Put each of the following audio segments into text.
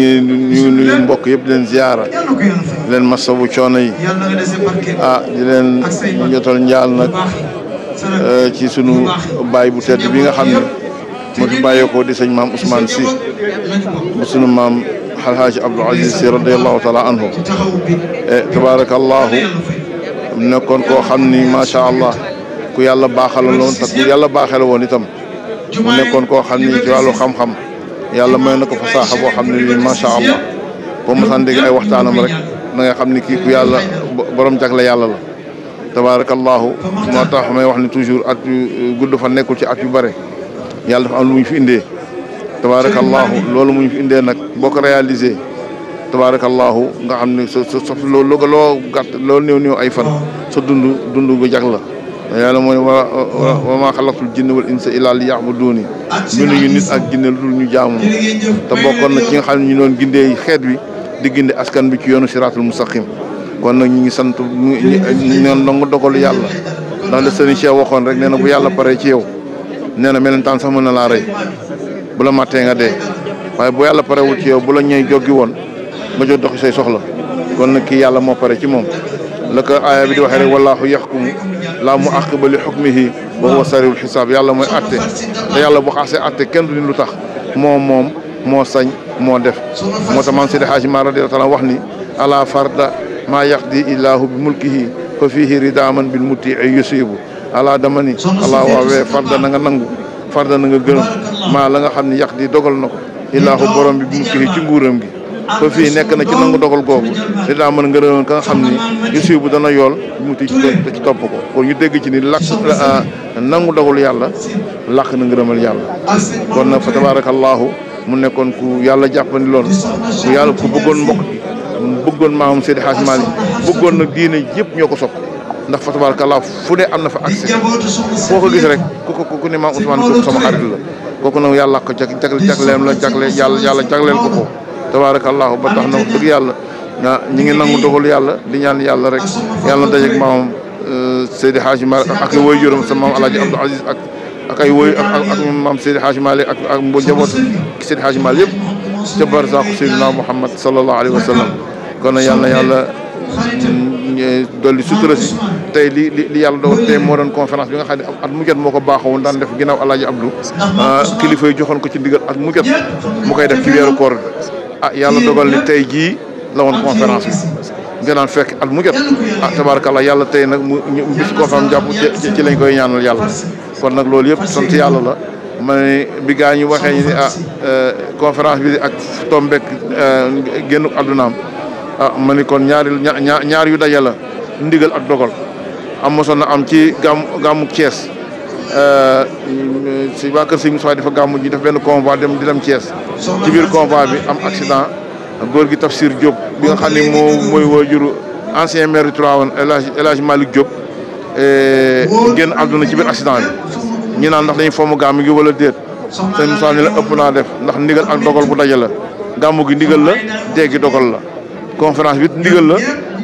ñu ngi ñu nuyu mbokk yëpp di leen ziara di leen masawu ah, di leen jotal njaal nag eh, ci sunu baay bu tedd bi nga xam ne moo fi bàyyeekoo di sëñ maam Ousmane Sy bu sunu maam Alhaaji Abdou Aziz Sy radiyallahu taala anhu eh, tabarakallahu nekkoon koo xam ni macha allah ku yàlla baaxaloon te ku yàlla baaxal woon itam mu nekkoon koo xam ni ci wàllu xam-xam. yàlla may na ko fasaaxa boo xam ne nii macha allah boo mosaan dégg ay ma rek da nga xam ne kii ku yàlla borom jagle yàlla la. tabaarakallaahu moo tax may wax ne toujours at yu gudd fa nekkul ci at yu bare yàlla dafa am lu mu fi indee. tabaarakallaahu loolu mu fi indee nag boo ko réalisé tabaarakallaahu nga xam ne so sa sa loo loo gàtt loo néew néew ay fan sa dund dund bu jag la. yàlla moo ne wa wa maa xalaqtul jinna wal insa illaa li ya'buduuni ñu nit ak jinne lu dul ñu jaamu te bokkoon na ci nga xam ne ñu gindee xeet wi di ginde askan bi ci yoonu siraatul mustaqim kon nag ñu ngi sant ñu ñu noon dong dogalu yàlla ndax la sëriñ ci waxoon rek nee na bu yàlla paree ci yow nee na melentaan sax mën na laa bu la màttee nga dee waaye bu yàlla pare wu ci yow bu la ñëw joggi woon nga jóg doxi say soxla kon nag kii yàlla moo pare ci moom la ko bi di waxee rek wallaahu yaxkum laa mu aqiba li xukmihi wa huwa sariul xisaab yàlla mooy atte te yàlla bu xasee atte kenn du ni lu tax moo moom moo sañ moo def moo tax maam Seydi Haaji Maalik radiyallaahu taala wax ni alaa farda maa yaxdi illaahu bi mulkihi fa fiihi ridaaman bil mutii ay yusiibu alaa dama ni alaa waawee farda na nga nangu farda na nga gërëm maa la nga xam ne di dogal na ko illaahu borom bi bi mulkihi ci nguuram ba fii nekk na ci nangu dogal googu dinaa mën nga rëyoon ka xam ni gis bu dana yool mu ti ci topp ko kon ñu dégg ci ni lakk euh, nangu dogal yàlla lakk na ngërëmal yàlla kon nag fa tabaarakallaahu mu nekkoon ku yàlla jàppandi lool ku yàlla ku bëggoon mbokk bëggoon maamam Seydi Hadji Malick bëggoon nag diine yëpp ñoo ko sopp ndax fa tabaarakallaahu fu dee am na fa accès foo ko gis rek ku ko ku ne maam Ousmane ko sama xarit la kooku nag yàlla ko jag jagle jagleem la jagle yàlla yàlla jagleel ko ko tabaarakallaahu ba tax na wax dëgg yàlla ah ñi ngi nangu dogal yàlla di ñaan yàlla rek yàlla na dajeeg maamam euh, Seydi Hadji Malick ak i woy juróom sa maam Alaaji Abdou Aziz ak ak ay woy ak ak maam Seydi Hadji Malick ak ak mbo njaboot Seydi Hadji Malick yëpp ca barzaaku Seydina Muhammad sallallahu alayhi wa sallam kon nag yàlla na yàlla mm, dolli sutura si tey li li li yàlla doon moo doon conférence bi nga xam ne at mu jot moo ko baaxoon daan def ginnaaw Alaaji Abdou ah, kilifa yi joxoon ko ci ndigal ak mu jot mu koy def ci weeru koor ah yàlla dogal ni tey jii la woon conférence bi nga fekk at mu jot ah tabaarkalla yàlla tey nag mu bis conférence jàpp ci lañ koy ñaanal yàlla kon nag loolu yëpp sant yàlla la ma ne bi ñu waxee ñu ni ah euh, conférence bi ak tombek euh, génn addunaam ah ma ni kon ñaari ñaar yu daje la ndigal ak dogal am mosoon na am ci gàmm gàmmu Cees Euh, si waa kër si Moussa dafa gàmmu ji def benn convoi dem di dem Thiès ci biir convoi bi am accident góor gi Tafsir Diop bi nga xam ne moo mooy waajuru ancien maire du Tivaouane El Hadj El Hadj Malick Diop eh, ci biir accident bi ñu naan ndax dañuy fomm gàmmu gi wala déet Serigne Moussa ni la ëpp naa def ndax ndigal ak dogal bu daje la gàmmu gi ndigal la déggi dogal la conférence bi ndigal la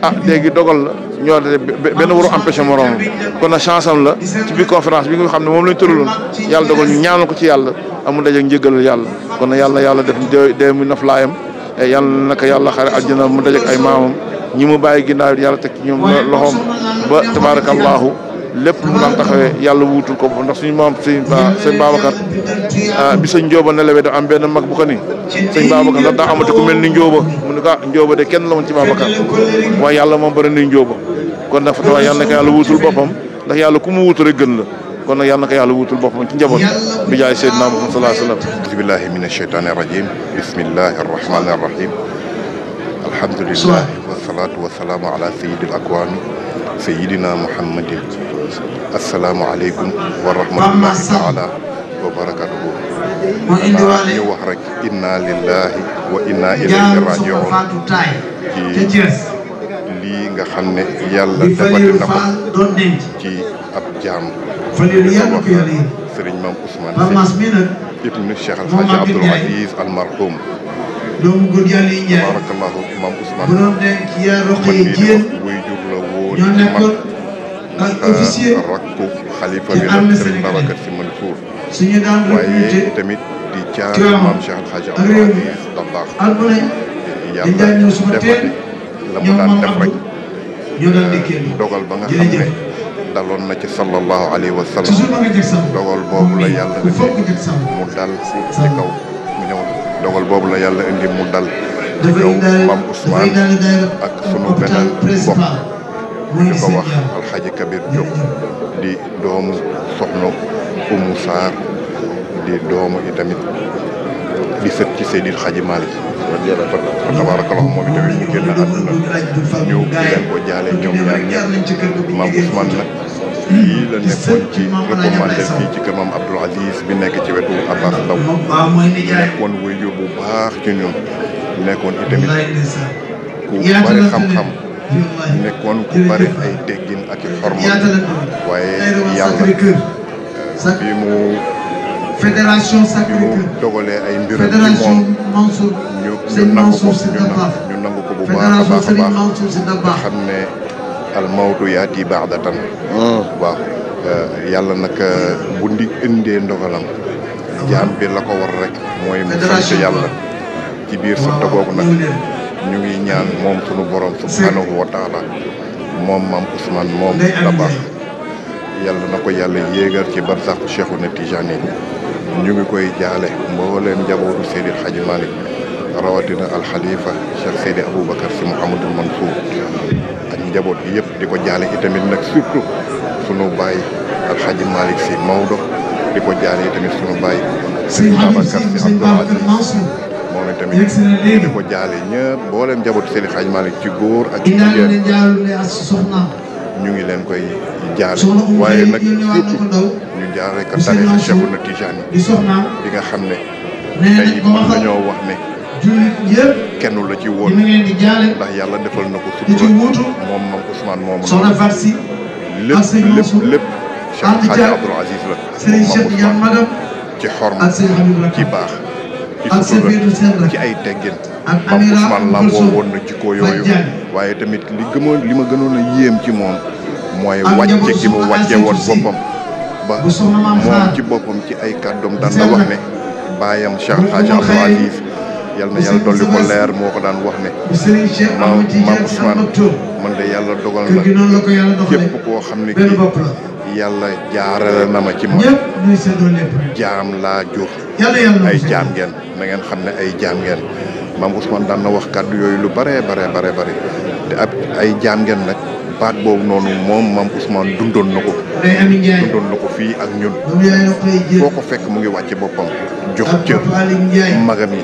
ah léegi dogal la ñoo de benn waru empêché moroom kon na chance am la ci biir conférence bi nga xam ne moom lañ tëraloon yàlla dogal ñu ñaanal ko ci yàlla amu daje njëggalal yàlla kon na yàlla yàlla def dee mu naf laayam eh, yàlla naka yàlla xare àjjana mu daje ak ay maamam ñi mu bàyyi ginnaaw yàlla teg ci ñoom loxoom ba tabaarakallaahu lépp lu mu daan taxawee yàlla wuutul ko ndax suñu maam sëñ ba sëñ Babacar ah, bi sëñ Njóoba ne lewee da am benn mag bu ko ni ndax daa amati ku mel ni Njóoba mu ne ko ah de kenn la woon ci Babacar waaye yàlla moom bëri ni Njóoba kon nag fa tawa yàlla na ko yàlla wuutul boppam ndax yàlla ku mu wuutu gën la kon nag yàlla yàlla wuutul boppam ci njaboot bi jaay Seydina Muhammad sallallahu alayhi wa sallam bismillahi min asheytaani rajim bismillahi arrahmani arrahim alhamdulilah wasalatu wasalaamu sayidina muhammadin assalaamu aleykum wa taala wa barakatuhu ñu wax rek inna lillahi wa inna ilayhi rajiun ci lii nga xam ne yàlla defati na ko ab jaam sëriñ maam Ousmane Seck ibnu Cheikh Al Hadj Abdoul Al Marhoum doomu góor yàlla yi woon ci mag ak euh, rakku xalifa bi la Sëriñ Babacar waaye tamit di jaar maam Cheikh Al Hadj Abdoul Aziz Dabakh yàlla defati la mu daan def rek euh, dogal ba nga xam ne daloon na ci sallallahu alayhi wa sallam boobu la yàlla indi mu dal ci kaw mu ñëw dogal boobu la yàlla indi mu dal ci kaw maam ak sunu beneen bopp di ko wax alxaaji Kabir Diop di doomu soxna Umu Saar di doomu itamit di sët ci Seydil Xaaji Malik tabaarakallaahu moom itamit mu génn àdduna ñu leen ko jaale ñoom ñaar ñëpp maam Ousmane nag fii la nekkoon ci recommandé fii ci kër maam Abdoul Aziz bi nekk ci wetu Abbas Ndaw nekkoon wéyu bu baax ci ñun nekkoon itamit ku bari xam-xam nekkoon ku bari ay déggin ak i xorma waaye yàlla euh, bi mu fédération mu dogalee ay mbiram ci moom ñu nangu ko ñu nangu ko bu baax a baax baax nga xam ne almawtu yaati ba'da tan ah. waaw euh, yàlla nag euh, bu ndi indee ndogalam ah. jaam bi la ko war rek mooy mu sant yàlla ci biir sant googu nag ñu ngi ñaan moom sunu borom subhanahu wa taala moom maam Ousmane moom Dabakh yàlla na ko yàlla yéegal ci barsax Cheikhouna Tijani ñu ngi koy jaale mbooleem njabootu Seydil Hadji Malick rawatina alxalifa Cheikh Seydi Aboubacar si Mouhamadul Mansour ak njaboot gi yëpp di ko jaale itamit nag surtout sunu baay alxaji Malick si Maodo di ko jaale tamit sunu baay Serigne Babacar si Abdoul Aziz ne tamit di ko jaale ñëpp mboolem njabootu Serigne Hadj Malick ci góor ak ci jigéen ñu ngi leen koy jaale waaye nag surtout ñu na ko tarixa Cheikhouna nga xam ne tey mën wax ne kenn la ci woon ndax yàlla defal na ko sutura moom moom Ousmane moomu lépp lépp lépp Cheikh Hadj Abdoul Aziz la moom Ousmane ci xorma ci baax ak ci ay teggin. ak Amira Ousmane lamboo woon na ko yooyu. waaye tamit li gëmoon li ma gënoon a yéem ci moom. mooy wàcce gi mu wàcce woon boppam. ba moom ci boppam ci ay kàddoom daan la wax ne. baayam Cheikh Hadj Abdou Aziz yal na yàlla dolli ko leer moo ko daan wax ne. maam man de yàlla dogal na képp koo xam ne kii. yalla jaaral na ma ci moom jaam yalla yalla ay jaam ngeen na ngeen xamne ay jaam ngeen mam Ousmane dan na wax kaddu yoy lu bare bare bare bare te ay jaam ngeen nak baat boobu nonu mom mam Ousmane dundoon na ko dundoon na ko fii ak ñun boko fekk mu ngi wacc bopam jox ci magami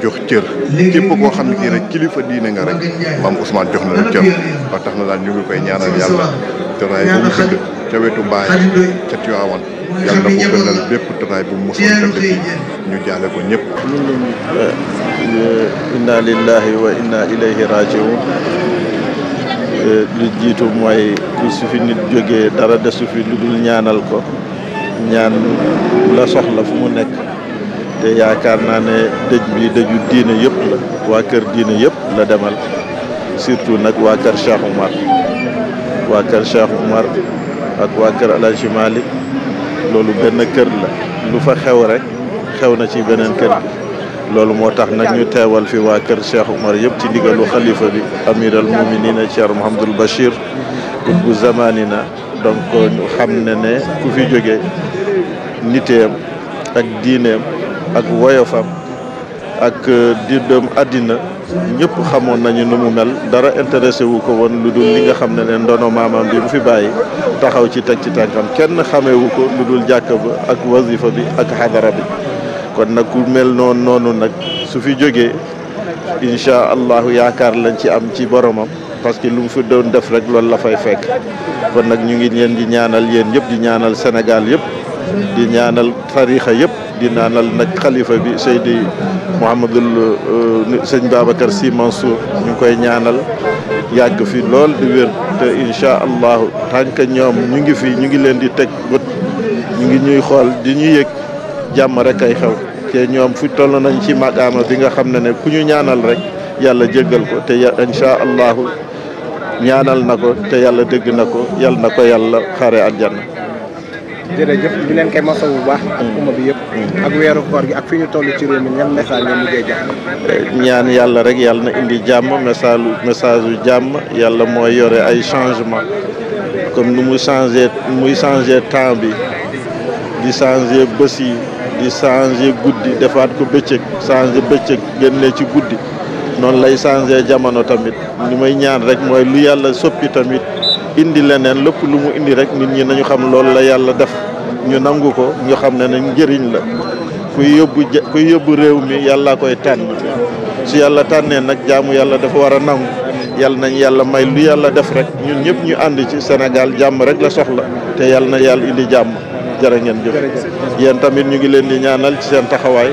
jox cër kep ko xamni ki rek kilifa diine nga rek mam Ousmane jox na ba tax na dal ñu ngi koy ñaanal yalla te raay bu ca wetu mbaay ca Tiwaawan yàlla na ko gënal bépp tataay bu mu mosoon def ñu jaale ko ñëpp eh, inna lillahi wa inna ilayhi rajiun eh, li jiitu mooy su fi nit jógee dara desu fi lu dul ñaanal ko ñaan la soxla fu mu nekk te yaakaar naa ne dëj bi dëju diina yëpp la waa kër diine yëpp la demal surtout nag waa kër Cheikh Oumar waa kër Cheikh Oumar ak waa kër Alaaji Malik loolu benn kër la lu fa xew rek xew na ci beneen kër gi loolu moo tax nag ñu teewal fi waa kër Cheikh Oumar yëpp ci ndigalu xalifa bi amiral muminina Cheikh Mouhamadul Bachir bu zamanina donc xam ne ne ku fi jóge niteem ak diineem ak woyofam ak di doom àddina ñëpp xamoon nañu nu mu mel dara intéressé wu ko woon lu dul li nga xam ne leen ndono maamaam bi mu fi bàyyi taxaw ci teg ci tànkam kenn xamewu ko lu dul jàkka ba ak wasifa bi ak xadara bi kon nag ku mel noonu noonu nag su fi jógee incha allahu yaakaar lañ ci am ci boromam parce que lu mu fi doon def rek loolu la fay fekk kon nag ñu ngi leen di ñaanal yéen yëpp di ñaanal Sénégal yëpp di ñaanal tariixa yëpp di naanal nag xalifa bi Seydi Mouhamadul euh, euh, sëñ Babacar Sy Mansour ñu koy ñaanal yàgg fi lool di wér te incha allahu tànk ñoom ñu ngi fi ñu ngi leen di teg bët ñu ngi ñuy xool di ñu yëg jàmm rek ay xew te ñoom fu toll nañ ci maqaama bi nga xam ne ne ku ñu ñaanal rek yàlla jéggal ko te incha allahu ñaanal na ko te yàlla dégg na ko yàlla na ko yàlla xare aljanna jërëjëf di leen koy masawu bu baax. ak umma bi yëpp. ak weeru koor gi ak fi ñu toll ci réew mi ñan message ngeen mujjee jox. ñaan yàlla rek yàlla na indi jàmm message message yu jàmm yàlla mooy yore ay changement comme nu mu changé muy changé temps bi di changé bés yi di changé guddi defaat ko bëccëg changé bëccëg génne ci guddi noonu lay changé jamono tamit li may ñaan rek mooy lu yàlla soppi tamit. indi leneen lépp lu mu indi rek nit ñi nañu xam loolu la yàlla def ñu nangu ko ñu xam ne na njëriñ la kuy yóbbu kuy yóbbu réew mi yàlla koy tànn su yàlla tànnee nag jaamu yàlla dafa war a nangu yàlla nañ yàlla may lu yàlla def rek ñun ñëpp ñu ànd ci senegal jàmm rek la soxla te yàlla na yàlla indi jàmm jërë ngeen jëf yéen tamit ñu ngi leen di ñaanal ci seen taxawaay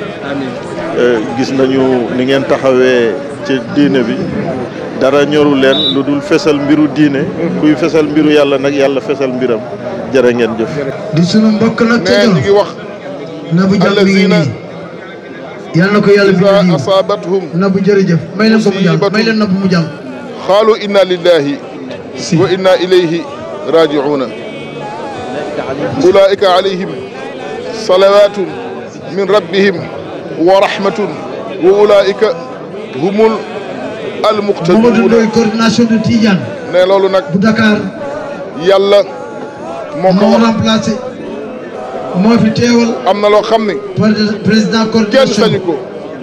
euh, gis nañu ni ngeen taxawee ci diine bi dara ñoru len luddul fessel mbiru diine kuy fessel mbiru yàlla nak yàlla fessel mbiram jërë ngeen jëf di sunu mbokk nag ci ñu ngi wax nabu bu jàmm yàlla nako yàlla bi ngi asaabathum nabu jere jëf may leen ko mu jàmm may leen nabu mu jàmm khalu inna lillahi wa inna ilayhi raji'un ulaika alayhim salawatun min rabbihim wa rahmatun wa ulaika humul al muqtadiuna Mamadou Ndoye coordination de Tidiane. ne loolu nag. bu Dakar. yàlla moo ko wax moo moo fi teewal. am na loo xam ni. président coordination kenn sañu ko.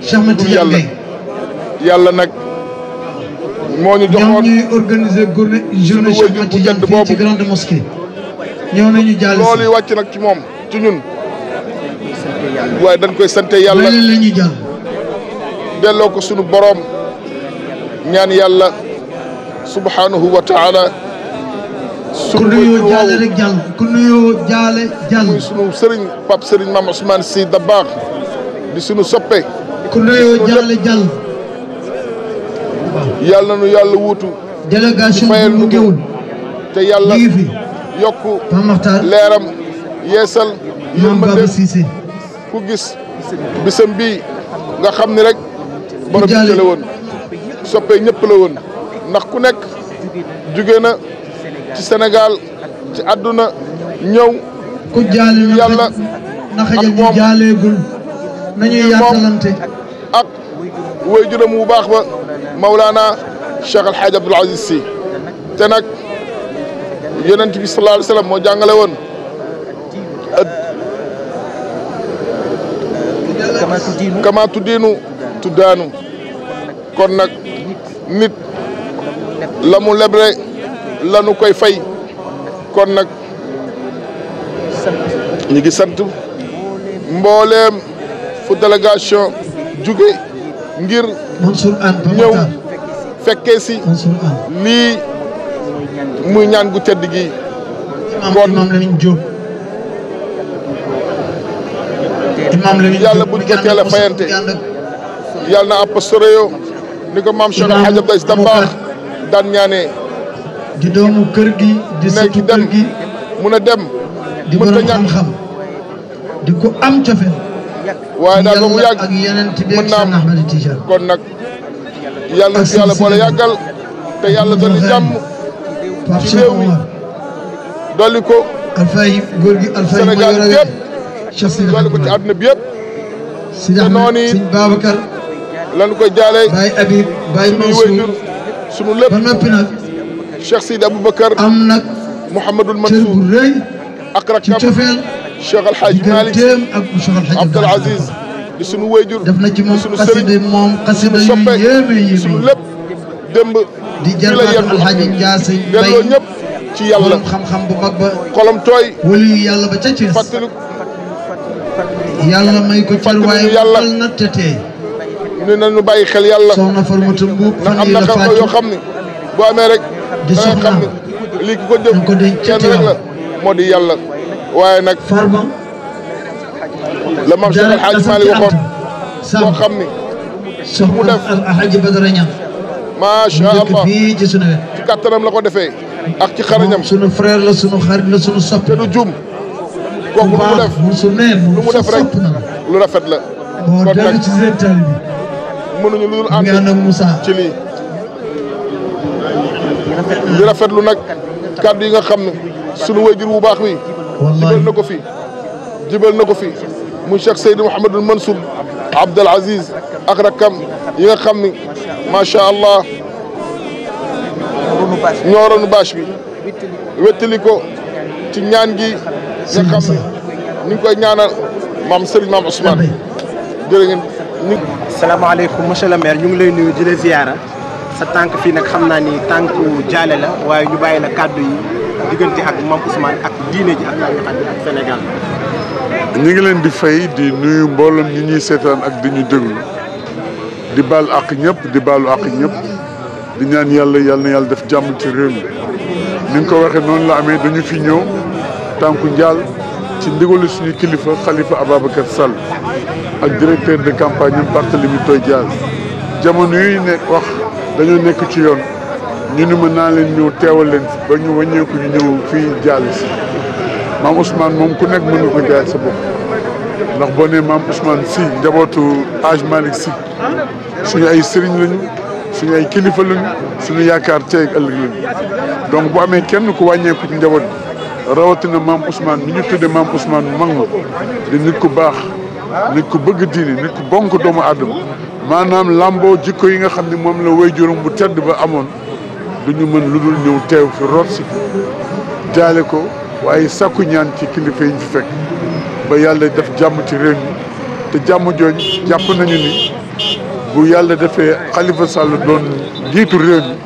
Cheikh Mati yàlla yàlla nag. moo ñu joxoon ñoom ñuy organiser gourmet journée Cheikh Mati Tidiane fii ci grande mosquée. ñëw nañu jàll si loolu yi wàcc nag ci moom ci ñun. waaye dañ koy sante yàlla. bële la ñuy jàll. delloo ko sunu boroom. ñaan yàlla subhanahu wa taala su ku nuyoo jaale rek jàll ku nuyoo jaale jàll muy sunu sëriñ Pape Sëriñ Maam Ousmane Sy Dabakh di sunu soppe ku nuyoo jaale jàll yàlla nu yàlla wuutu délégation fayal nu ñëwul te yàlla yokku leeram yeesal yërmande ku gis bisam bii nga xam ni rek borom bi jële woon soppe ñëpp la ndax ku nekk jóge na ci Sénégal ci àdduna ñëw ku jaale yàlla ndax moom jaaleegul nañu yaatalante ak way bu baax ba Mawlana Cheikh El Hadj Abdoul Aziz te nag yonent bi sallallahu wa sallam moo jàngale woon kama tuddiinu kon nag nit la mu lebre la nu koy fay kon nag ñu ngi sant mbooleem fu délégation jóge ngir ñëw fekkee si lii mu ñaan gu tedd gi kon yàlla buñ ko teel a fayante yàlla na apostore ni ko maam Cheikh Hadj Abdoulaye Sy Dabakh daan ñaanee. di doomu kër gi di sëtu kër gi mun a dem. di borom xam-xam di ko am cofé. waaye daal ba mu yàgg mën naa am kon nag yàlla na fi yàlla boole yàggal te yàlla dolli jàmm ci réew mi dolli ko Sénégal bi yëpp dolli ko ci àdduna bi yëpp te noonu it لانكو جالي باي ابي باي منصور سونو لب شيخ سيد ابو بكر امنك محمد المنصور اقرك كفيل شيخ الحاج مالك عبد العزيز دي سونو ويجور دافنا سي موم قصيده موم قصيده ييبي ييبي سونو لب دمب دي جال الحاج جاسي باي ci yalla xam xam bu mag ba kolam toy wali yalla ba ca ci yalla may ko ci way na tete ñu nañu bàyyi xel yàlla ndax am na xew-xew yoo xam ne boo amee rek da nga xam ne lii ki ko jëf kenn rek la moo di yàlla waaye nag la mam Cheikh Alhaji Malick waxoon soo xam ni su mu def macha allah ci kattanam la ko defee ak ci xarañam sunu frère la sunu xarit la sunu sopp te du jum kooku lu mu def lu mu def rek lu rafet la kon nag mënuñu lu dul ànd ci lii di lu nag kàddu yi nga xam ne sunu wayjur bu baax wi jibal na ko fi jibal na ko fi muy Cheikh Seydi Mouhamadul Mansour Abdel Aziz ak rakkam yi nga xam ni macha allah ñoo ronu bâche bi wettali ko ci ñaan gi nga xam ni ñu ngi koy ñaanal maam Serigne maam ni salaamaaleykum monsieur le maire ñu ngi lay nuyu di la ziyaara sa tànk fii nag xam naa ni tànku jaale la waaye ñu bàyyi la kàddu yi diggante ak Mame ak diine ji ak lañu xam ak Sénégal ñu ngi leen di fay di nuyu mboolem ñi ñuy seetaan ak di ñu déglu di baalu àq ñëpp di baalu àq ñëpp di ñaan yàlla yàlla yàlla def jàmm ci réew mi ni nga ko waxee noonu la amee dañu fi ñëw tànku njaal ci ndigalu suñu kilifa Khalifa Ababacar Sall ak directeur de campagne am Barthélémy Toye Dias jamono yuy ne wax dañoo nekk ci yoon ñu ni mën naa leen ñëw teewal ba ñu wàññeeku ñu ñëw fii jàll si maam Ousmane moom ku nekk mën nga ko jaay sa bopp ndax boo nee maam Ousmane si njabootu Hadj Malick si suñu ay sëriñ lañu suñu ay kilifa lañu suñu yaakaar ceeg ëllëg lañu donc boo amee kenn ku wàññeeku ci njaboot rawatina maam Ousmane mi ñu tuddee maam Ousmane mag ma di nit ku baax nit ku bëgg diine nit ku bonk doomu aadama maanaam làmboo jikko yi nga xam ni moom la waajuram bu tedd ba amoon du ñu mën lu dul ñëw teew fi root si jaale ko waaye sàkku ñaan ci kilifa yi ñu fekk ba yàlla def jàmm ci réew mi te jàmm jooj jàpp nañu ni bu yàlla defee Khalifa Sall doon njiitu réew mi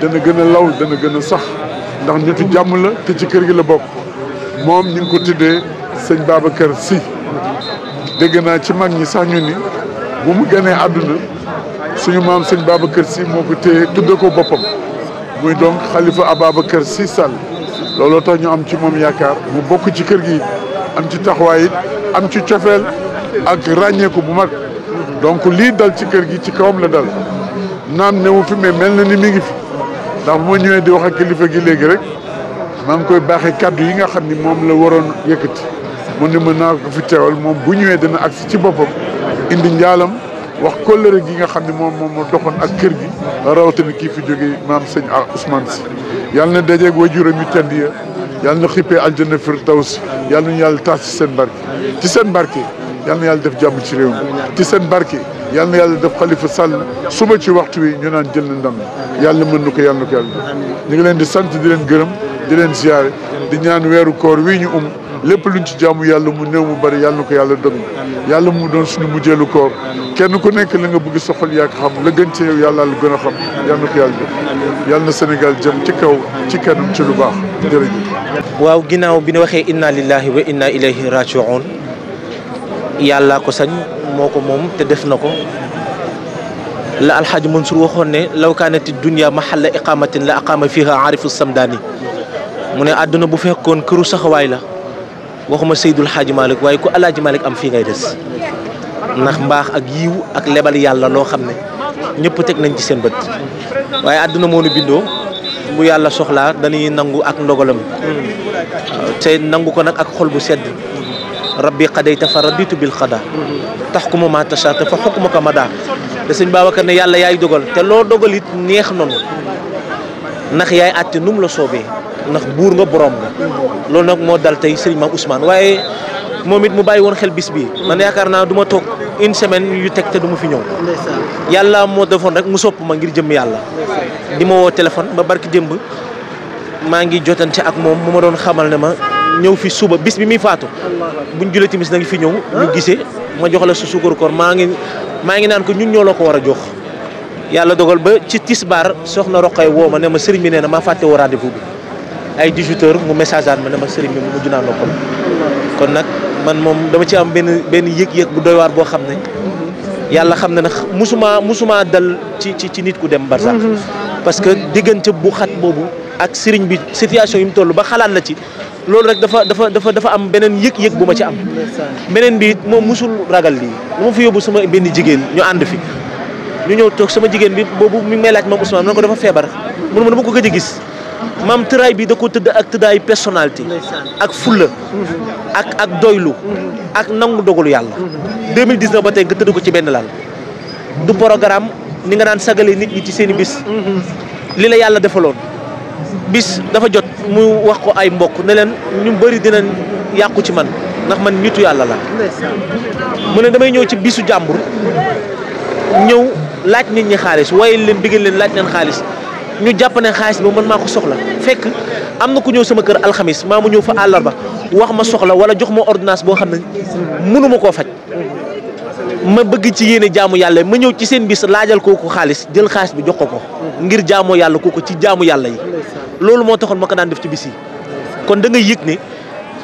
dana gën a law dana gën a sax ndax nitu jàmm la te ci kër gi la bokk moom ñu ngi ko tuddee sëñ Babacar Sy dégg naa ci mag ñi sax ñu ni bu mu gënee àdduna suñu maam sëñ kër si moo ko téye ko boppam muy donc xalifa Ababacar Sy Sall looloo tax ñu am ci moom yaakaar mu bokk ci kër gi am ci taxawaay am ci cofeel ak ràññeeku bu mag donc lii dal ci kër gi ci kawam la dal naam newu fi mais na ni mi fi ndax moo ma ñëwee di wax ak kilifa gi léegi rek maa ngi koy baaxee kàddu yi nga xam ni moom la waroon yëkkati mu ne mën naa ko fi teewal moom bu ñëwee dana agsi ci boppam indi njaalam wax ko kóllëre gi nga xam ne moom moom moo doxoon ak kër gi rawatina kii fi jógee maam a Ousmane si yàlla na dajeeg wajuram yu tedd ya yàlla na xippee taw si yàlla nañu yàlla taas ci seen barke ci seen barke yal na yàlla def jàmm ci réew mi ci seen barke yal na yàlla def Khalifa Sall suba ci waxtu wi ñu naan jël na ndam yàlla mën na ko yàlla na ko yàlla def ñu ngi leen di sant di leen gërëm di leen ziyaare di ñaan weeru koor wii ñu um lépp luñ ci jaamu yàlla mu néew mu bari yàlla na ko yàlla doon yàlla mu doon suñu mujjeelu koor kenn ku nekk la nga bëgg soxal yaa ko xam la gën ci yow yàlla la gën a xam yàlla na ko yàlla def yàlla na Sénégal jëm ci kaw ci kanam ci lu baax jërëjëf. waaw ginnaaw bi ñu waxee inna lillahi wa inna ilayhi rajiun yàllaa ko sañ moo ko moom te def na ko la alxaaji Mansour waxoon ne law kaanati dunya mahalla iqamatin la aqama mu ne àdduna bu fekkoon këru saxawaay la waxuma Seydul Xaaji Malick waaye ku alaaji am fii ngay des ndax mbaax ak yiw ak lebal yàlla loo xam ne ñëpp teg nañ ci seen bët waaye àdduna moo nu bindoo bu yàlla soxlaa dañuy nangu ak ndogalam hmm. te nangu ko nag ak xol bu sedd rabbi xadayta fa raditu bil xada tax ku ma maa tashaata fa xukk ma ko ma daa te sëñ Babacar ne yàlla yaay dogal te loo dogal it neex nanu ndax yaay àtte num la soobee ndax buur nga borom nga loolu nag moo dal tey sëriñ maam Ousmane waaye moom it mu bàyyi woon xel bis ma man yaakaar naa duma toog une semaine yu teg te duma fi ñëw yàlla moo defoon rek mu sopp ma ngir jëm yàlla di ma woo téléphone ba barki démb maa ngi jotante ak moom mu ma doon xamal ne ma ñëw fi suba bis bi muy faatu buñ julee timis na nga fi ñëw ñu gisee ma jox la su suukaru koor maa ngi maa ngi naan ko ñun ñoo la ko war a jox yàlla dogal ba ci baar soxna Roqay woo ma ne ma sëriñ bi nee na maa fàtte woo rendez-vous bi ay 18 mu message aan ma ne ma sëriñ bi mu mujj naa noppal kon nag man moom dama ci am benn benn yëg-yëg bu doy waar boo xam ne yàlla xam ne nag musuma musuma dal ci ci ci nit ku dem barsàq mm-hmm. parce que diggante bu xat boobu ak sëriñ bi situation yi mu toll ba xalaat la ci loolu rek dafa dafa dafa dafa am beneen yëg-yëg bu ma ci am. beneen bi moom musul ragal lii lu ma fi yóbbu sama benn jigéen ñu ànd fi. ñu ñëw toog sama jigéen bi boobu mi ngi may laaj maam Ousmane man ko dafa feebar man ma dama ko gëj a gis maam tëraay bi da ko tëdd ak tëddaay personnalité. ak fulla ak ak doylu ak nangu dogalu yàlla. 2019 ba tey nga tëdd ko ci benn laal. du programme ni nga daan sagalee nit ñi ci seen bis. Mm-hmm. li la yàlla defaloon. bis dafa jot mu wax ko ay mbokk ne leen ñu bari dinañ yàqu ci man ndax man nitu yàlla la mu ne damay ñëw ci bisu jàmbur ñëw laaj nit ñi xaalis woye leen bigal leen laaj leen xaalis ñu jàpp ne xaalis bi man maa ko soxla fekk am na ku ñëw sama kër alxamis maa mu ñëw fa àllarba wax ma soxla wala jox ma ordonnance boo xam ne mënuma koo faj ma bëgg ci yéene jaamu yàlla ma ñëw ci seen bis laajal kooku xaalis jël xaalis bi jox ko ko ngir jaamoo yàlla kooku ci jaamu yàlla yi loolu moo taxoon ma ko daan def ci bis kon da nga yëg ne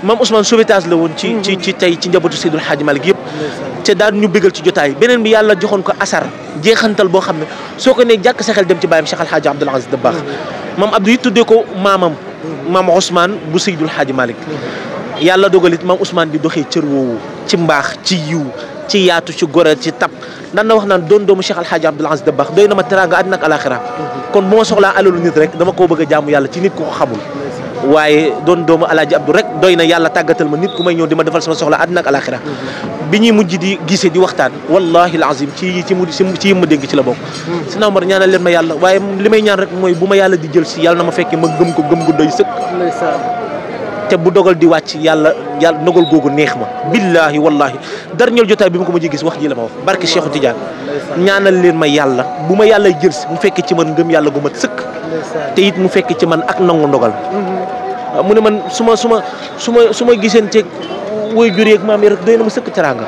maam Ousmane sauvetage la woon ci ci ci tey ci njabootu Seydul xaaj Malick yëpp te daan ñu bégal ci jotaay beneen bi yàlla joxoon ko asar jeexantal boo xam ne soo ko nee jàkk sa dem ci bàyyam Cheikh Alhaji Abdoul Aziz Dabakh maam Abdou it tuddee ko maamam maam Ousmane bu Seydul Hadji Malick yàlla dogalit maam Ousmane di doxee cër ci mbaax ci yiw ci yaatu ci goreel ci tab dan na wax naan doon doomu Cheikh Alhaji Abdoul Aziz Dabakh doy na ma teraanga àddina ak alaxira kon bu ma soxlaa alalu nit rek dama koo bëgg a jaamu yàlla ci nit ku ko xamul waaye doon doomu alaaji abdou rek doy na yàlla tàggatal ma nit ku may ñëw di ma defal sama soxla àddina ak alaxira bi ñuy mujj di gisee di waxtaan wallahi alazim ci ci ci yi ci la bokk sina Omar ñaanal leen ma yàlla waaye li may ñaan rek mooy bu ma yàlla di jël na ma fekkee ma gëm ko gëm te bu dogal di wacc yalla yalla nogal gogu neex ma billahi wallahi ñol jotaay bi mu ko mujj gis wax ji la ma wax barki buma Tidiane ñaanal leen ma yalla bu ma yàlla jël si mu fekk ci man ngeum yalla gu mat te it mu fekk ci man ak nangu ndogal ah, mu ne man suma suma suma suma giseen ci woy ak maam rek doyna ma teranga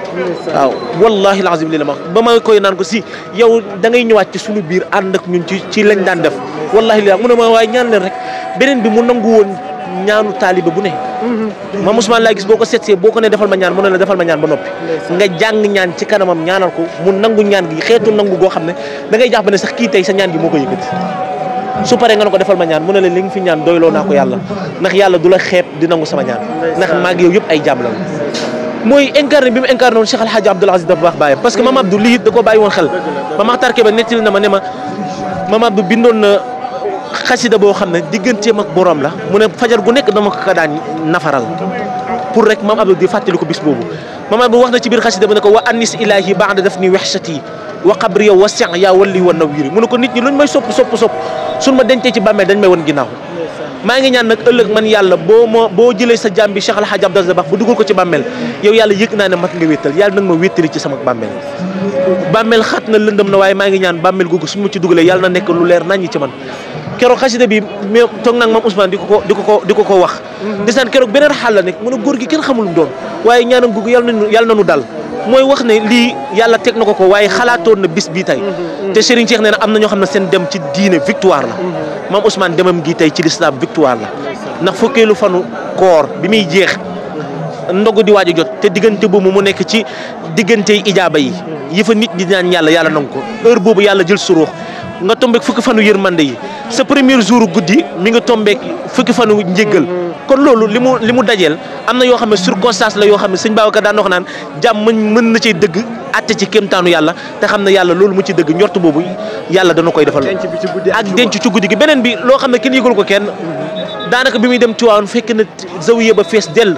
waaw wallahi alazim li la ma ba ma koy naan ko si yow da ngay ñewat ci suñu bir and ak ñun ci lañ daan def wallahi li mu ne ma way ñaan leen rek benen bi mu nangu won ñaanu talib bu ne ma musuma la gis boko setse boko ne defal ma ñaan mo ne la defal ma ñaan ba nopi nga jang ñaan ci kanamam ñaanal ko mu nangu ñaan gi xetu nangu go xamne da ngay japp ne sax ki tay sa ñaan gi moko yëkëti su pare nga ne defal ma ñaan mo ne la li nga fi ñaan doylo naa ko yàlla ndax yàlla du di nangu sama ñaan ndax maag yow yëp ay jamm la moy incarné bimu incarné Cheikh Alhaji abdou Aziz dafa baax bàyyi parce que mam Abdou lii da ko bàyyi woon xel Mame Makhtar ba netti na ma ne ma mam Abdou bindon na xasida boo xam ne digganteem ak boroom la mu ne fajar gu nekk dama ko daan nafaral pour rek maam Abdou di fàttali ko bis boobu maam Abdou wax na ci biir xasida bu ne ko wa anis ilaahi ba daf ni wexsati wa xabri yow wa sen yaa walli wa nawiri mu ko nit ñi luñ may sopp sopp sopp suñ ma dencee ci bàmmeel dañ may ginnaaw maa ngi ñaan nag ëllëg man yàlla boo ma boo jëlee sa jàmm bi Cheikh Al Hadj Abdou Dabakh bu dugal ko ci bàmmeel yow yàlla yëg naa ne mat nga wéttal yàlla nag ma wéttali ci sama bàmmeel bàmmeel xat na lëndëm na waaye maa ngi ñaan bàmmeel googu su ma ci dugalee yàlla na nekk lu leer nañ ci man keroog xasida bi mais toog nag maam Ousmane di ko di ko ko di ko wax mhm. di saan keroog beneen xaal la nekk mu ne góor gi kenn xamul doon waaye ñaanam googu yàlla nañu yàlla nañu dal mooy wax ne lii yàlla teg na ko ko waaye xalaatoon na bis bii tey mhm, mhm. te Serigne Cheikh nee na am na ñoo xam ne seen dem ci diine victoire la maam Ousmane demam gi tey ci lislaam victoire la ndax fukkeelu fanu koor bi muy jeex ndogu di waaj a jot te diggante boobu mu nekk ci diggante ijaaba yi yi fa nit ñi naan yàlla yàlla nangu ko boobu yàlla jël suruux nga tombeek fukki fanu yërmande yi sa premier jour guddi mi nga tombeek fukki fanu njéggal kon loolu li mu li mu dajeel am na yoo xam ne circonstance la yoo xam ne sëñ Babacar daan wax naan jàmm mën na cay dëgg àtte ci kéemtaanu yàlla te xam ne yàlla loolu mu ci dëgg njort boobu yàlla dana koy defal ak denc ci guddi gi beneen bi loo xam ne kenn yëgul ko kenn daanaka bi muy dem Tiwaawan fekk na zawiya ba fees dell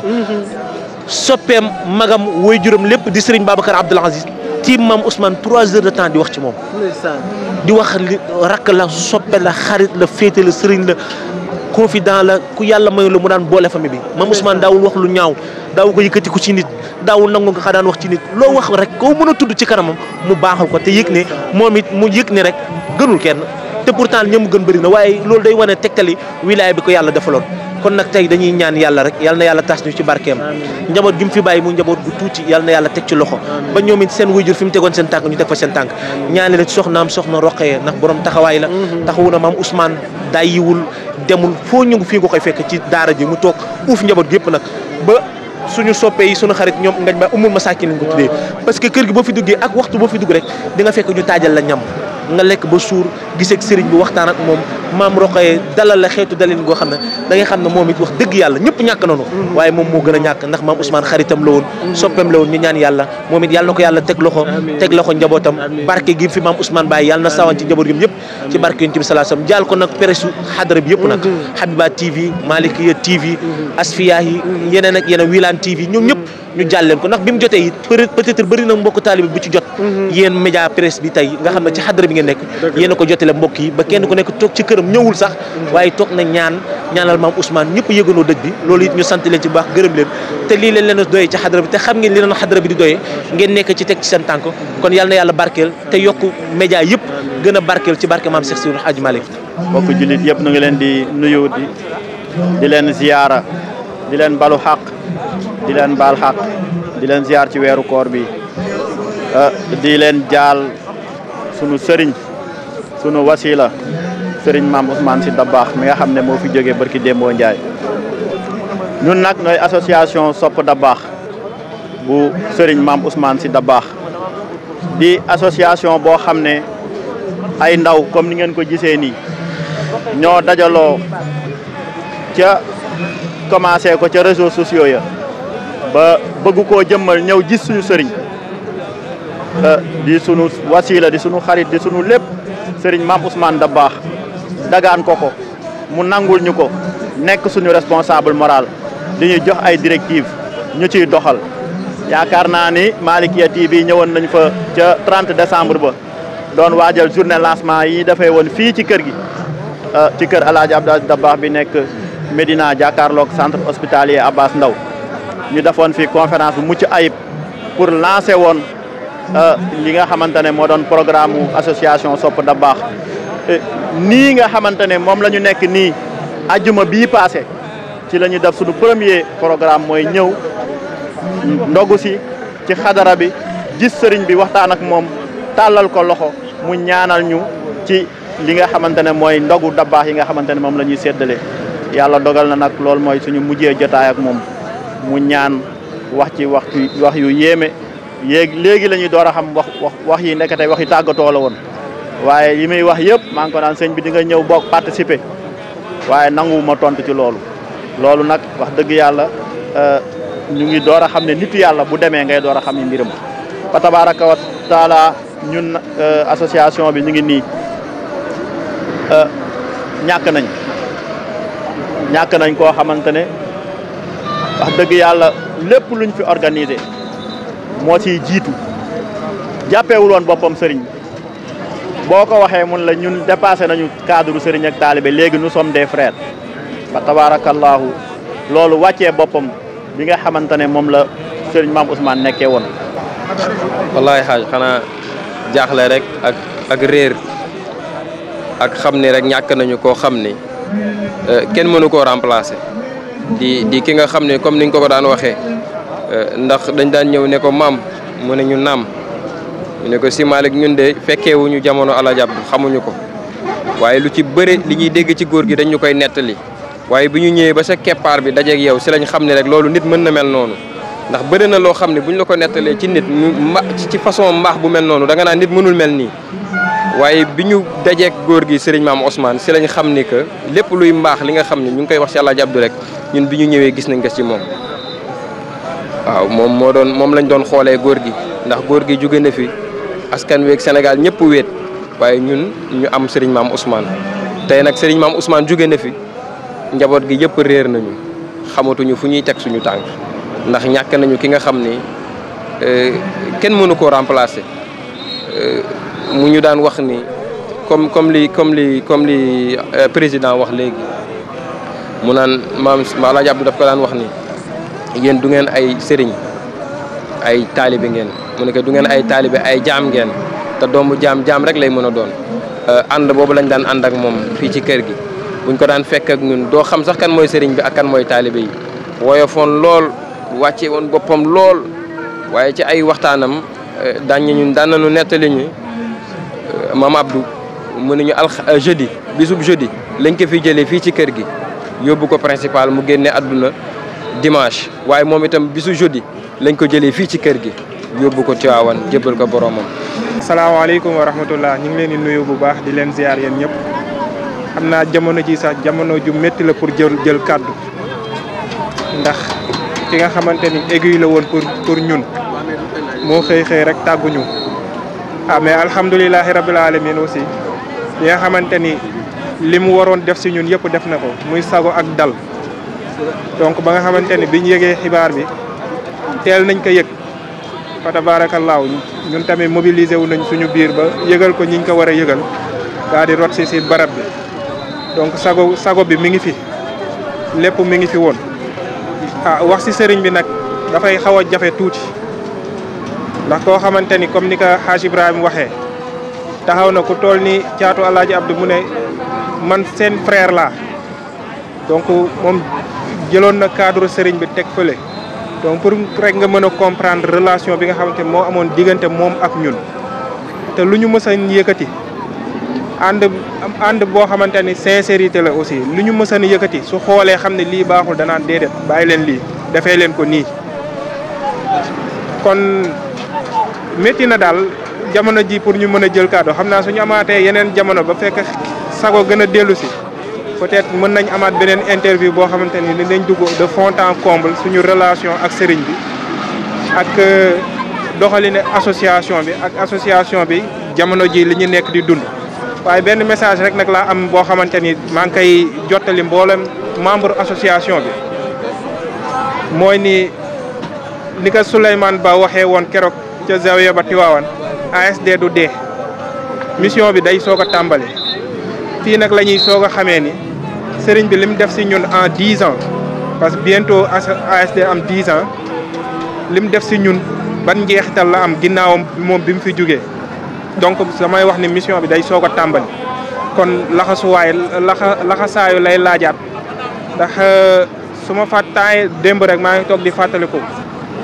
soppeem magam woy juróom lépp di sëriñ Babacar Abdoul Aziz tiim maam Ousmane trois heures de temps di wax ci moom di wax li rakk la soppe la xarit la féete la sëriñ la confident la ku yàlla mayu la mu daan boole famille bi maam Ousmane daawul wax lu ñaaw daaw ko yëkkati ko ci nit daawul nangu nga xa daan wax ci nit loo wax rek koo mën a tudd ci kanamam mu baaxal ko te yëg ne moom it mu yëg ne rek gënul kenn te pourtant ñëmu gën bëri na waaye loolu day wane tegtali wilaaya bi ko yàlla defaloon kon nak tay dañuy ñaan yalla rek yalla na yalla tass ñu ci barkem njabot jum fi bayyi mu njabot gu tuuti yalla na yalla tek ci loxo ba ñoomit seen wujur fim tegon seen tank ñu tek fa seen tank ñaanel ci soxnaam soxna roqé nak borom taxaway la mhm. taxawuna mam ousmane dayiwul demul fo ñu fi nga koy fekk ci daara ji mu tok uuf njabot yépp nak ba suñu soppé yi suñu xarit ñom ngañ ba umul masakin ko tuddé parce que kër gi bo fi duggé ak waxtu bo fi dugg rek di nga fekk ñu tajal la ñam nga lekk ba suur gisee ak sëriñ bi waxtaan moom maam roqoye dalal la xeetu dalin goo xam ne da ngay xam ne moom it wax dëgg yàlla ñëpp ñàkk nañu waaye moom moo gën a ñàkk ndax maam Ousmane xaritam la woon soppeem la woon ñu yàlla moom it yàlla na ko yàlla teg teg loxo njabootam barke gi fi maam Ousmane bàyyi yàlla na sawan ci njaboot gi yëpp ci barke yonent bi salaa salaam jaal ko nag presu xadara bi yëpp nag mm-hmm. Habiba TV Malikiya TV mm-hmm. Asfiyahi mm-hmm. yeneen ñoom ñëpp ñu jàll leen ko ndax bi mu jotee it peut-être bëri na mbokk taalibe bu ci jot mhm. yéen média presse bi tey nga xam ne ci xadra bi ngeen nekk yéen a ko jotale mbokk yi ba kenn ku nekk toog ci këram ñëwul sax mhm. waaye toog na ñaan ñaanal maam Ousmane ñëpp yëgandoo dëj bi loolu it ñu sant leen ci bu baax gërëm leen te lii leen leen doyee ci xadra bi te xam ngeen li leen xadra bi di doyee ngeen nekk ci teg ci seen tànk kon yàlla na yàlla barkeel te yokk média yëpp gën a barkeel ci barke maam Cheikh Sidou Hadji Malick yëpp nu ngi leen di nuyu di leen ziyaara di len balu hak di len bal hak di len ziar ci wéru koor bi eh, di len jaal sunu sëriñ sunu wasila sëriñ mam Ousmane si dabax mi nga xam mo nunak fi jógee barki Dembo ndjay ñun nak noy association sop dabax bu sëriñ mam Ousmane si dabax di association bo xam ay ndaw comme ni ngeen ko gisee ni ño dajalo ca commencé ko ci réseaux sociaux ya ba bëgg ko jëmmal ñew gis suñu sëriñ eh, di sunu wasila di sunu xarit di sunu lepp sëriñ mam ousmane da dagaan ko ko mu nangul ñuko nek suñu responsable moral di ñu jox ay directive ñu karena doxal yaakar na ni malikia tv ñewon nañ fa ci 30 décembre ba doon wajal journée lancement yi dafay won fi ci kër gi eh, ci kër abdallah bi nek Medina Jakarlo centre hospitalier Abbas Ndaw ñu defoon fi conférence bu mucc ayib pour lancer euh li nga xamante mo moo doon programme association Sopp Dabakh nii nga xamante ne moom nekk ni aljuma bi passé ci lañu def suñu premier programme moy ñew ndogu ci ci xadara bi gis serigne bi waxtaan ak mom talal ko loxo mu ñaanal ñu ci li nga xamantene moy ndogu dabax yi nga xamantene mom lañuy la yalla dogal na nak lol moy suñu mujjé jotaay ak mom, mu ñaan wax ci wax ci wax yu yéme yéeg léegi la ñuy xam wax wax wax yi nekk tey wax yi tagato la won waye yimay wax yépp maa ngi ko naan señ bi di nga ñëw bok participer waaye nanguwuma tontu ci lolou lolou nak wax yalla euh ñu ngi doora xam né nitu yalla bu démé ngay doora xam ni mbirum fa tabarak wa taala ñun euh, association bi ñu ngi euh ñak nañ ñàkk nañ koo xamante ne wax dëgg yàlla lépp luñ fi organise moo ciy jiitu jàppeewul woon boppam sëriñ boo ko waxee mun la ñun dépassé nañu cadre sëriñ ak taalibe léegi nu sommes de frères ba tabaarakallaahu loolu wàccee boppam bi nga xamante ne moom la sëriñ maam Ousmane nekkee woon wallaay xaaj xanaa jaaxle rek ak ak réer ak xam ni rek ñàkk nañu koo xam ni Euh, kenn mënu koo remplacer di di ki nga xam ne comme niñ ko ko daan waxee euh, ndax dañ daan ñëw ne ko maam mu ne ñu naam mu ne ko si Malick ñun de fekkeewuñu jamono ala xamuñu ko waaye lu ci bëre li ñuy dégg ci góor gi dañ ñu koy nettali waaye bi ñu ñëwee ba sa keppaar bi dajeeg yow si lañ xam ne rek loolu nit mën na mel noonu ndax bëri na loo xam ne buñ la ko nettalee ci nit mu ci façon mbaax bu mel noonu danga naan nit mënul mel nii waye biñu dajé ak goor gi serigne mam Ousmane si lañ xamni ke lepp luy mbax li nga xamni ñu ngi koy wax ci allah jabdou rek ñun biñu ñëwé gis nañ ko ci mom waaw mom mo doon mom lañ doon xolé goor gi ndax goor gi jóge na fi askan weeg Sénégal ñëpp wéet waye ñun ñu am serigne mam Ousmane tay nak serigne mam Ousmane jóge na fi njabot gi yëpp rër nañu ñu fu ñuy tek suñu tank ndax ñak nañu ki nga xamni euh kenn mënu ko remplacer euh, mu ñu daan wax ni comme comme li comme li comme li euh, président wax léegi mu naan maam Alaaji Abdou daf ko daan wax ni yéen du ngeen ay sëriñ ay taalibe ngeen mu ne du ngeen ay taalibe ay jaam ngeen te doomu jaam jaam rek lay mën a doon euh, ànd boobu lañ daan ànd ak moom fii ci kër gi buñ ko daan fekk ak ñun doo xam sax kan mooy sëriñ bi ak kan mooy taalibe yi woyofoon lool wàcce woon boppam lool waaye ci ay waxtaanam euh, daan ñu daan nañu nettali ñu mam Abdou mu ne ñu al euh, jeudi bisub jeudi lañ ko fi jëlé fi ci kër gi yobbu ko principal mu génné aduna dimanche waye mom itam bisu jeudi lañ ko jëlé fi ci kër gi yobbu ko tiawan jëbël ko boromam. alaykum wa rahmatullah ñing leen ni nuyu bu baax di leen ziar yeen ñep xam jamono ci sa jamono ju metti la pour jël jël kàddu ndax ki nga xamanteni aiguille la won pour pour ñun mo xey xey rek ah mais alhamdulilahi rabil alamin aussi li nga xamante ni li mu waroon def si ñun yëpp def na ko muy sago ak dal donc ba nga xamante ni biñ yëgee xibaar bi teel nañ ko yëg fa tabaarakallaahu ñun tamit mobiliser wu nañ suñu biir ba yëgal ko ñiñ ko war a yëgal daal di rot si si barab bi donc sago sago bi mi ngi fi lépp mu ngi fi woon ah wax si sëriñ bi nag dafay xaw a jafe tuuti ndax ko xamanteni ni comme ni ka xaaj ibrahim waxe taxaw na ko tolni ni caatu abdou mune man sen frère la donc mom jëlon na cadre serigne bi tek fele donc pour rek nga mëna comprendre relation bi nga xamanteni mo amone digënté mom ak ñun te luñu mësa mës and and bo xamanteni ni sincérité la aussi luñu mësa mës su xolé xamné li baaxul da na dédé bayiléen li défé leen ko ni kon métti na daal jamono ji pour ñu mën a jël cadeau xam naa suñu amaatee yeneen jamono ba fekk sago gën a dellu si peut-être mën nañ amaat beneen interview boo xamante ni dinañ dugg de fond en comble suñu relation ak sëriñ bi ak euh, doxalin association bi ak association bi jamono ji li ñu nekk di dund. waaye benn message rek nag laa am boo xamante ni maa ngi koy jottali mboolem membre association bi mooy ni ni ko Souleymane Ba waxee woon keroog. ca Zawiya ba Tiwaawan ASD du dee mission bi day soog a tàmbali fii nag la ñuy soog a xamee ni sëriñ bi lim def si ñun en dix ans parce que bientôt ASD am dix ans lim def si ñun ban njeexital la am ginnaawam moom bi mu fi jógee donc samay wax ni mission bi day soog a tàmbali kon laxasuwaay laxa laxasaayu lay laajaat ndax euh, su ma fàttaay démb rek maa ngi toog di fàttaliku.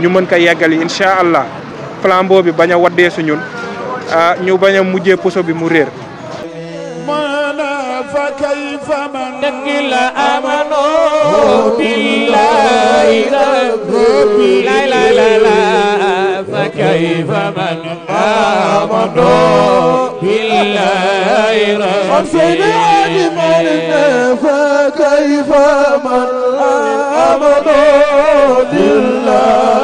ñu mën ko yeggali incha allah flambeau bi bañ a waddee su ah, ñu bañ a mujjee poso bi mu réer. فكيف من دخل آمنوا بالله لا لا لا لا فكيف من آمنوا بالله ربنا لمن فكيف من آمنوا بالله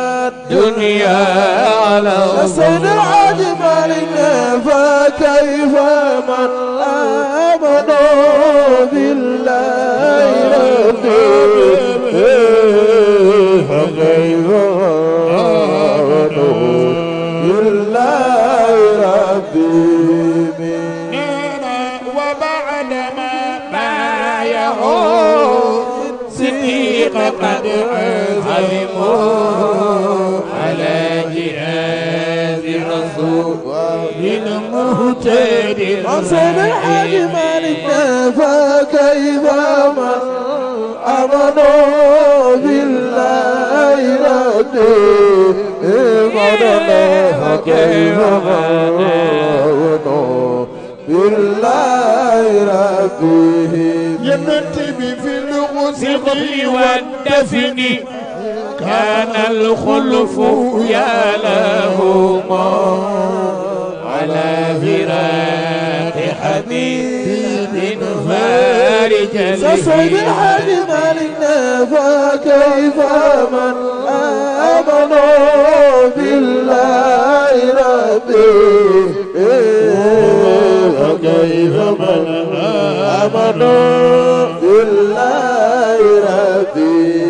الدنيا على صنع مالنا فكيف من آمنوا بالله فكيف وبعد ما صديق قد من مهتد حسن الحاج مالك فكيف من آمنوا بالله ربنا كيف من آمنوا بالله ربه يمتي في الغسل والدفن كان الخلف يا لهما على فراق حديث فارج فارج سسعد الحاج لنا فكيف من آمن بالله ربي فكيف من آمن بالله ربي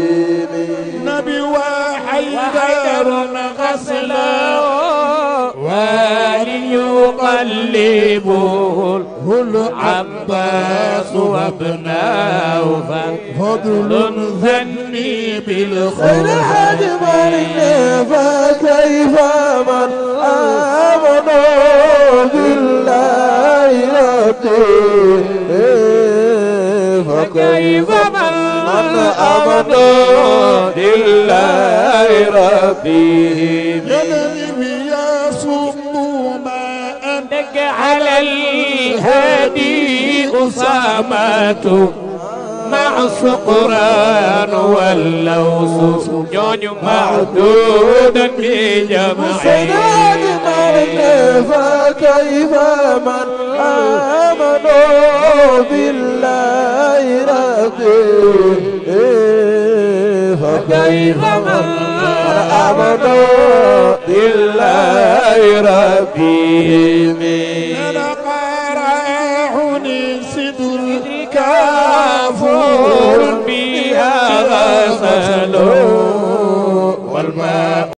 عباس العباس وابناه فضل ذني بالخير حد فكيف من آمن بالله فكيف من آمن بالله ربي على الهادي أسامة مع سقران واللوس جون معدود في جمعين فكيف من آمنوا بالله رضي فكيف من محمد لله ربي لقى رايحني سدر كافور بها غسلون